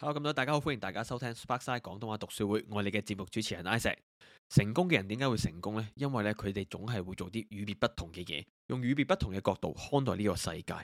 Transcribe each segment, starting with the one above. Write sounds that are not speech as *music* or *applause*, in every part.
Hello 咁多位，大家好，歡迎大家收聽 Sparkside 廣東話讀書會，我哋嘅節目主持人 Isaac。成功嘅人點解會成功呢？因為咧，佢哋總係會做啲與別不同嘅嘢。用與別不同嘅角度看待呢個世界，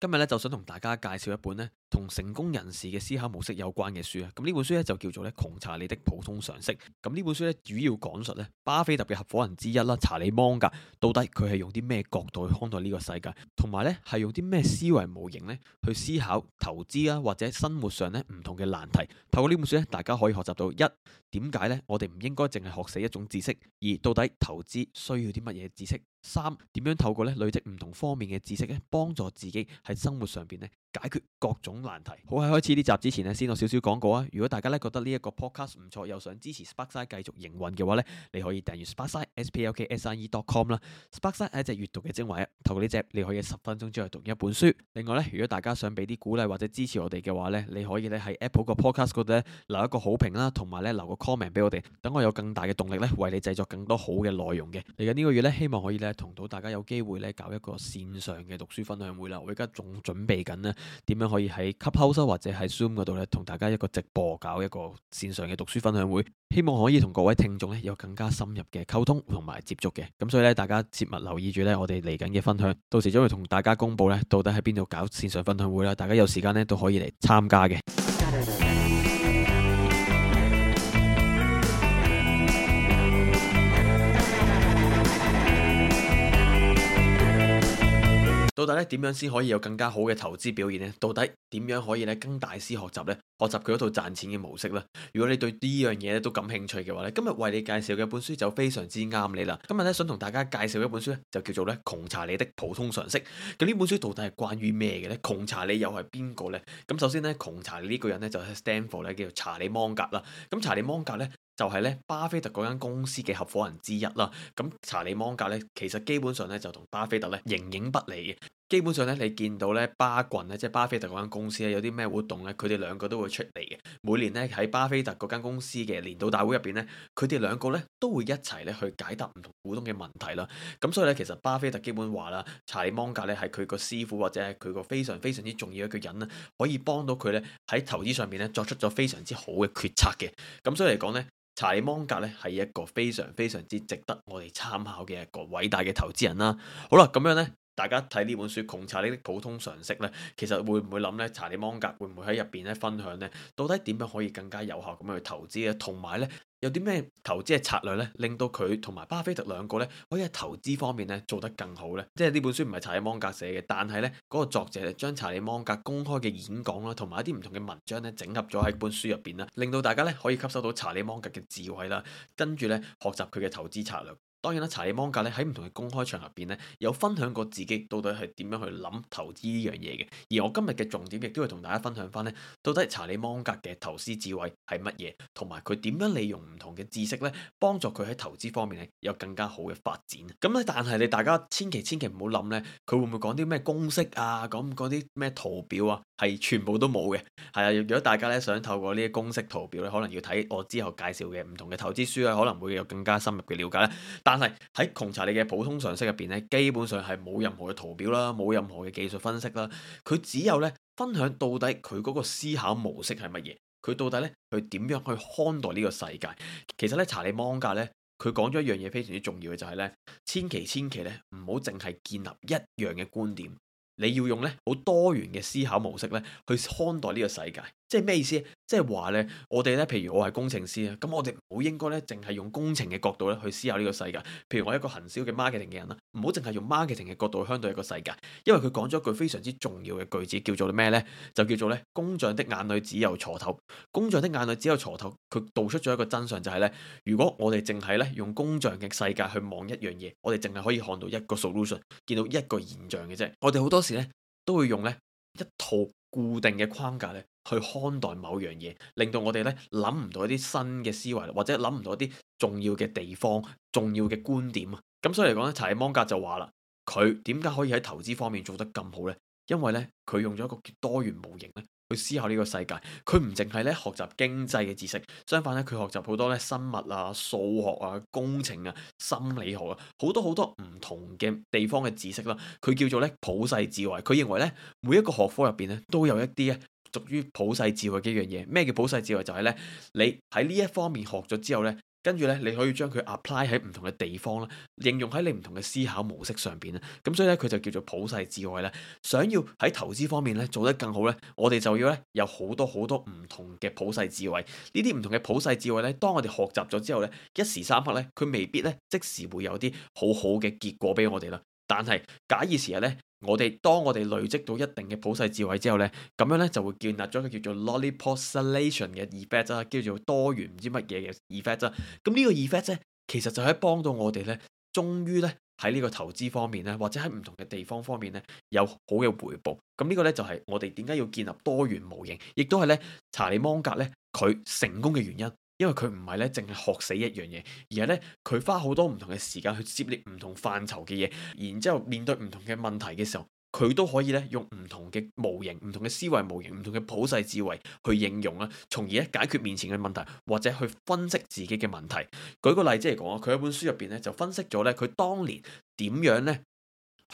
今日咧就想同大家介紹一本呢同成功人士嘅思考模式有關嘅書啊！咁呢本書咧就叫做咧《窮查理的普通常識》。咁呢本書咧主要講述咧巴菲特嘅合伙人之一啦查理芒格到底佢係用啲咩角度去看待呢個世界，同埋咧係用啲咩思維模型咧去思考投資啊或者生活上咧唔同嘅難題。透過呢本書咧，大家可以學習到一點解咧我哋唔應該淨係學死一種知識，二到底投資需要啲乜嘢知識？三點樣透過咧累積唔同方面嘅知識咧，幫助自己喺生活上邊咧。解決各種難題。好，喺開始呢集之前咧，先我少少講過啊。如果大家咧覺得呢一個 podcast 唔錯，又想支持 Sparkside 繼續營運嘅話呢，你可以訂閱 Sparkside s p l k s i e dot com 啦。Sparkside 係一隻閱讀嘅精華啊，透過呢隻，你可以十分鐘之後讀一本書。另外呢，如果大家想俾啲鼓勵或者支持我哋嘅話呢，你可以咧喺 Apple 個 podcast 嗰度呢，留一個好評啦，同埋咧留個 comment 俾我哋，等我有更大嘅動力咧，為你製作更多好嘅內容嘅。嚟緊呢個月呢，希望可以咧同到大家有機會咧搞一個線上嘅讀書分享會啦。我而家仲準備緊咧。點樣可以喺 Clubhouse 或者喺 Zoom 嗰度咧，同大家一個直播搞一個線上嘅讀書分享會，希望可以同各位聽眾咧有更加深入嘅溝通同埋接觸嘅。咁所以咧，大家切勿留意住咧，我哋嚟緊嘅分享，到時將會同大家公布咧，到底喺邊度搞線上分享會啦。大家有時間咧，都可以嚟參加嘅。 *music* 到底咧點樣先可以有更加好嘅投資表現呢？到底點樣可以咧跟大師學習呢？學習佢嗰套賺錢嘅模式呢？如果你對呢樣嘢都感興趣嘅話咧，今日為你介紹嘅一本書就非常之啱你啦。今日咧想同大家介紹一本書咧，就叫做咧窮查理的普通常識。咁呢本書到底係關於咩嘅呢？窮查理又係邊個呢？咁首先呢，窮查理呢個人呢，就喺 Stanford 叫做查理芒格啦。咁查理芒格呢。就係咧巴菲特嗰間公司嘅合夥人之一啦，咁查理芒格咧，其實基本上咧就同巴菲特咧形影不離嘅。基本上咧你見到咧巴郡咧，即係巴菲特嗰間公司咧有啲咩活動咧，佢哋兩個都會出嚟嘅。每年咧喺巴菲特嗰間公司嘅年度大會入邊咧，佢哋兩個咧都會一齊咧去解答唔同股東嘅問題啦。咁所以咧，其實巴菲特基本話啦，查理芒格咧係佢個師傅，或者係佢個非常非常之重要嘅一個人啦，可以幫到佢咧喺投資上面咧作出咗非常之好嘅決策嘅。咁所以嚟講咧。查理芒格呢係一個非常非常之值得我哋參考嘅一個偉大嘅投資人啦。好啦，咁樣呢。大家睇呢本書窮查理的普通常識呢，其實會唔會諗呢？查理芒格會唔會喺入邊呢分享呢？到底點樣可以更加有效咁樣去投資呀？同埋呢，有啲咩投資嘅策略呢？令到佢同埋巴菲特兩個呢，可以喺投資方面呢做得更好呢？即係呢本書唔係查理芒格寫嘅，但係呢個作者將查理芒格公開嘅演講啦，同埋一啲唔同嘅文章呢整合咗喺本書入邊啦，令到大家呢可以吸收到查理芒格嘅智慧啦，跟住呢，學習佢嘅投資策略。當然啦，查理芒格咧喺唔同嘅公開場合入邊咧有分享過自己到底係點樣去諗投資呢樣嘢嘅。而我今日嘅重點亦都會同大家分享翻咧，到底查理芒格嘅投資智慧係乜嘢，同埋佢點樣利用唔同嘅知識咧幫助佢喺投資方面咧有更加好嘅發展。咁咧，但係你大家千祈千祈唔好諗咧，佢會唔會講啲咩公式啊，講啲咩圖表啊，係全部都冇嘅。係啊，如果大家咧想透過呢啲公式、圖表咧，可能要睇我之後介紹嘅唔同嘅投資書啊，可能會有更加深入嘅了解啦。但係喺窮查理嘅普通常識入邊咧，基本上係冇任何嘅圖表啦，冇任何嘅技術分析啦，佢只有咧分享到底佢嗰個思考模式係乜嘢，佢到底咧佢點樣去看待呢個世界？其實咧查理芒格咧，佢講咗一樣嘢非常之重要嘅就係咧，千祈千祈咧唔好淨係建立一樣嘅觀點，你要用咧好多元嘅思考模式咧去看待呢個世界。即係咩意思？即係話呢，我哋呢，譬如我係工程師啊，咁我哋唔好應該呢，淨係用工程嘅角度呢去思考呢個世界。譬如我係一個行銷嘅 marketing 嘅人啊，唔好淨係用 marketing 嘅角度去看待一個世界。因為佢講咗一句非常之重要嘅句子，叫做咩呢？就叫做呢：「工匠的眼裏只有鋤頭。工匠的眼裏只有鋤頭。」佢道出咗一個真相，就係呢：「如果我哋淨係呢，用工匠嘅世界去望一樣嘢，我哋淨係可以看到一個 solution，見到一個現象嘅啫。」我哋好多時呢，都會用呢一套固定嘅框架呢。去看待某樣嘢，令到我哋呢諗唔到一啲新嘅思維，或者諗唔到一啲重要嘅地方、重要嘅觀點啊。咁所以嚟講呢，查理芒格就話啦，佢點解可以喺投資方面做得咁好呢？因為呢，佢用咗一個多元模型呢去思考呢個世界。佢唔淨係呢學習經濟嘅知識，相反呢，佢學習好多呢生物啊、數學啊、工程啊、心理學啊，好多好多唔同嘅地方嘅知識啦。佢叫做呢普世智慧。佢認為呢，每一個學科入邊呢都有一啲呢。屬於普世智慧嘅一樣嘢，咩叫普世智慧？就係呢，你喺呢一方面學咗之後呢，跟住呢，你可以將佢 apply 喺唔同嘅地方啦，應用喺你唔同嘅思考模式上邊啦。咁所以呢，佢就叫做普世智慧咧。想要喺投資方面呢做得更好呢，我哋就要呢有好多好多唔同嘅普世智慧。呢啲唔同嘅普世智慧呢，當我哋學習咗之後呢，一時三刻呢，佢未必呢即時會有啲好好嘅結果俾我哋啦。但係假以時日呢，我哋當我哋累積到一定嘅普世智慧之後呢，咁樣呢就會建立咗一個叫做 Lollapalooza 嘅 effect 啦，叫做，叫做，叫做多元唔知乜嘢嘅 effect 啦。咁、嗯、呢、這個 effect 呢，其實就可以幫到我哋呢，終於呢喺呢個投資方面呢，或者喺唔同嘅地方方面呢，有好嘅回報。咁、嗯、呢、這個呢，就係、是、我哋點解要建立多元模型，亦都係呢查理芒格呢，佢成功嘅原因。因為佢唔係咧淨係學死一樣嘢，而係咧佢花好多唔同嘅時間去涉獵唔同範疇嘅嘢，然之後面對唔同嘅問題嘅時候，佢都可以咧用唔同嘅模型、唔同嘅思維模型、唔同嘅普世智慧去應用啊，從而咧解決面前嘅問題或者去分析自己嘅問題。舉個例子嚟講，佢喺本書入邊咧就分析咗咧佢當年點樣咧。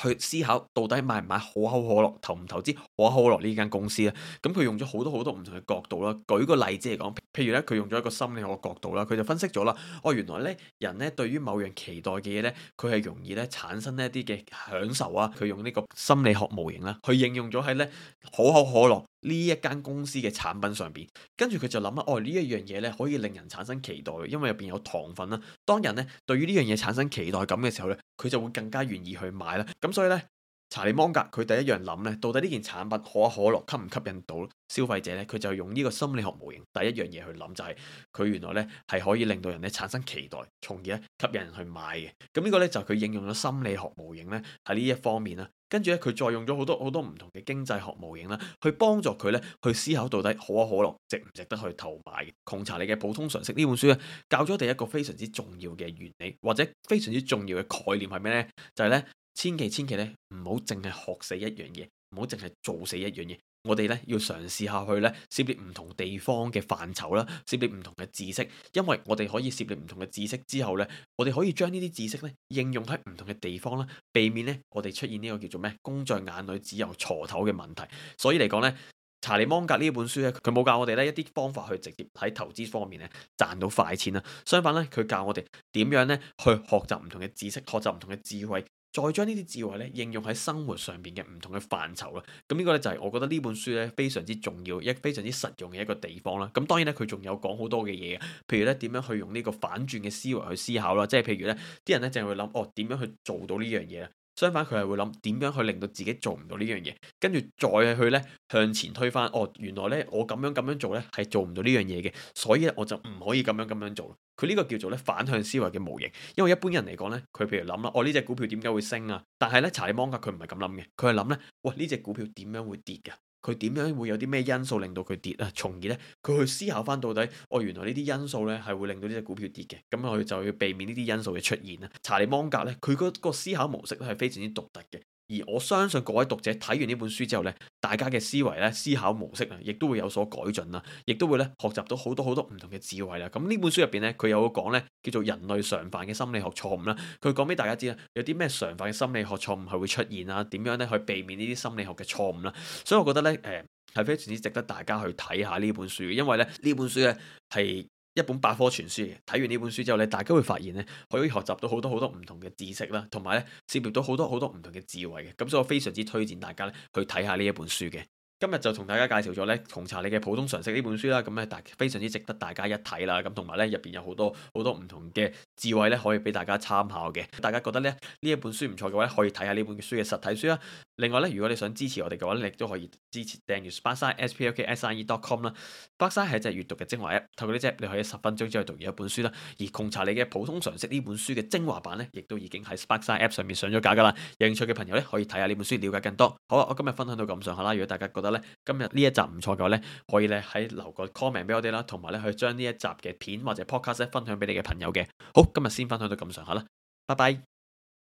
去思考到底買唔買可口可樂、投唔投資可口可樂呢間公司咧？咁佢用咗好多好多唔同嘅角度啦。舉個例子嚟講，譬如咧佢用咗一個心理學嘅角度啦，佢就分析咗啦。哦，原來咧人咧對於某樣期待嘅嘢咧，佢係容易咧產生一啲嘅享受啊。佢用呢個心理學模型啦，佢應用咗喺咧可口可樂。呢一間公司嘅產品上邊，跟住佢就諗啦，哦，呢一樣嘢咧可以令人產生期待，因為入邊有糖分啦。當人咧對於呢樣嘢產生期待感嘅時候咧，佢就會更加願意去買啦。咁所以咧。查理芒格，佢第一樣諗呢，到底呢件產品可口可樂吸唔吸引到消費者呢？佢就用呢個心理學模型第一樣嘢去諗，就係、是、佢原來呢係可以令到人咧產生期待，從而咧吸引人去買嘅。咁呢個呢，就佢應用咗心理學模型呢喺呢一方面啦。跟住呢，佢再用咗好多好多唔同嘅經濟學模型啦，去幫助佢呢去思考到底可口可樂值唔值得去購買。窮查理嘅普通常識呢本書咧教咗第一個非常之重要嘅原理或者非常之重要嘅概念係咩呢？就係、是、呢。千祈千祈咧，唔好淨係學死一樣嘢，唔好淨係做死一樣嘢。我哋咧要嘗試下去咧，涉獵唔同地方嘅範疇啦，涉獵唔同嘅知識，因為我哋可以涉獵唔同嘅知識之後咧，我哋可以將呢啲知識咧應用喺唔同嘅地方啦，避免咧我哋出現呢個叫做咩？工匠眼裏只有鋤頭嘅問題。所以嚟講咧，《查理芒格》呢本書咧，佢冇教我哋咧一啲方法去直接喺投資方面咧賺到快錢啦。相反咧，佢教我哋點樣咧去學習唔同嘅知識，學習唔同嘅智慧。再將呢啲智慧咧應用喺生活上邊嘅唔同嘅範疇啦，咁呢個呢，就係我覺得呢本書咧非常之重要，一非常之實用嘅一個地方啦。咁當然呢佢仲有講好多嘅嘢，譬如呢點樣去用呢個反轉嘅思維去思考啦，即係譬如呢啲人呢，淨係會諗哦點樣去做到呢樣嘢。相反，佢係會諗點樣去令到自己做唔到呢樣嘢，跟住再去咧向前推翻。哦，原來咧我咁樣咁樣做咧係做唔到呢樣嘢嘅，所以我就唔可以咁樣咁樣做。佢呢個叫做咧反向思維嘅模型。因為一般人嚟講咧，佢譬如諗啦，哦呢隻股票點解會升啊？但係咧查理芒格佢唔係咁諗嘅，佢係諗咧，哇呢隻股票點樣會跌㗎？佢點樣會有啲咩因素令到佢跌啊？從而呢，佢去思考翻到底，哦原來呢啲因素呢係會令到呢隻股票跌嘅，咁我就要避免呢啲因素嘅出現啦。查理芒格呢，佢嗰個思考模式咧係非常之獨特嘅。而我相信各位讀者睇完呢本書之後呢，大家嘅思維呢，思考模式啊，亦都會有所改進啦，亦都會呢學習到好多好多唔同嘅智慧啦。咁呢本書入邊呢，佢有講呢，叫做人類常犯嘅心理學錯誤啦。佢講俾大家知啦，有啲咩常犯嘅心理學錯誤係會出現啊？點樣呢去避免呢啲心理學嘅錯誤啦？所以我覺得呢，誒係非常之值得大家去睇下呢本書，因為呢，呢本書呢係。一本百科全書嘅，睇完呢本書之後咧，大家會發現咧，可以學習到好多好多唔同嘅知識啦，很多很多同埋咧，涉獵到好多好多唔同嘅智慧嘅，咁所以我非常之推薦大家咧去睇下呢一本書嘅。今日就同大家介紹咗咧《窮查理嘅普通常識》呢本書啦，咁咧大非常之值得大家一睇啦，咁同埋咧入邊有好多好多唔同嘅智慧咧，可以俾大家參考嘅。大家覺得咧呢一本書唔錯嘅話，可以睇下呢本書嘅實體書啦。另外咧，如果你想支持我哋嘅話，你亦都可以支持訂閱 Sparkside.spokside.com 啦。Sparkside 係一隻閱讀嘅精華 App，透過呢隻你可以十分鐘之內讀完一本書啦。而《窮查理嘅普通常識》呢本書嘅精華版咧，亦都已經喺 Sparkside App 上面上咗架噶啦。有興趣嘅朋友咧，可以睇下呢本書，了解更多。好啦，我今日分享到咁上下啦，如果大家覺得，今日呢一集唔錯嘅話咧，可以咧喺留個 comment 俾我哋啦，同埋咧去將呢一集嘅片或者 podcast 分享俾你嘅朋友嘅。好，今日先分享到咁上下啦，拜拜。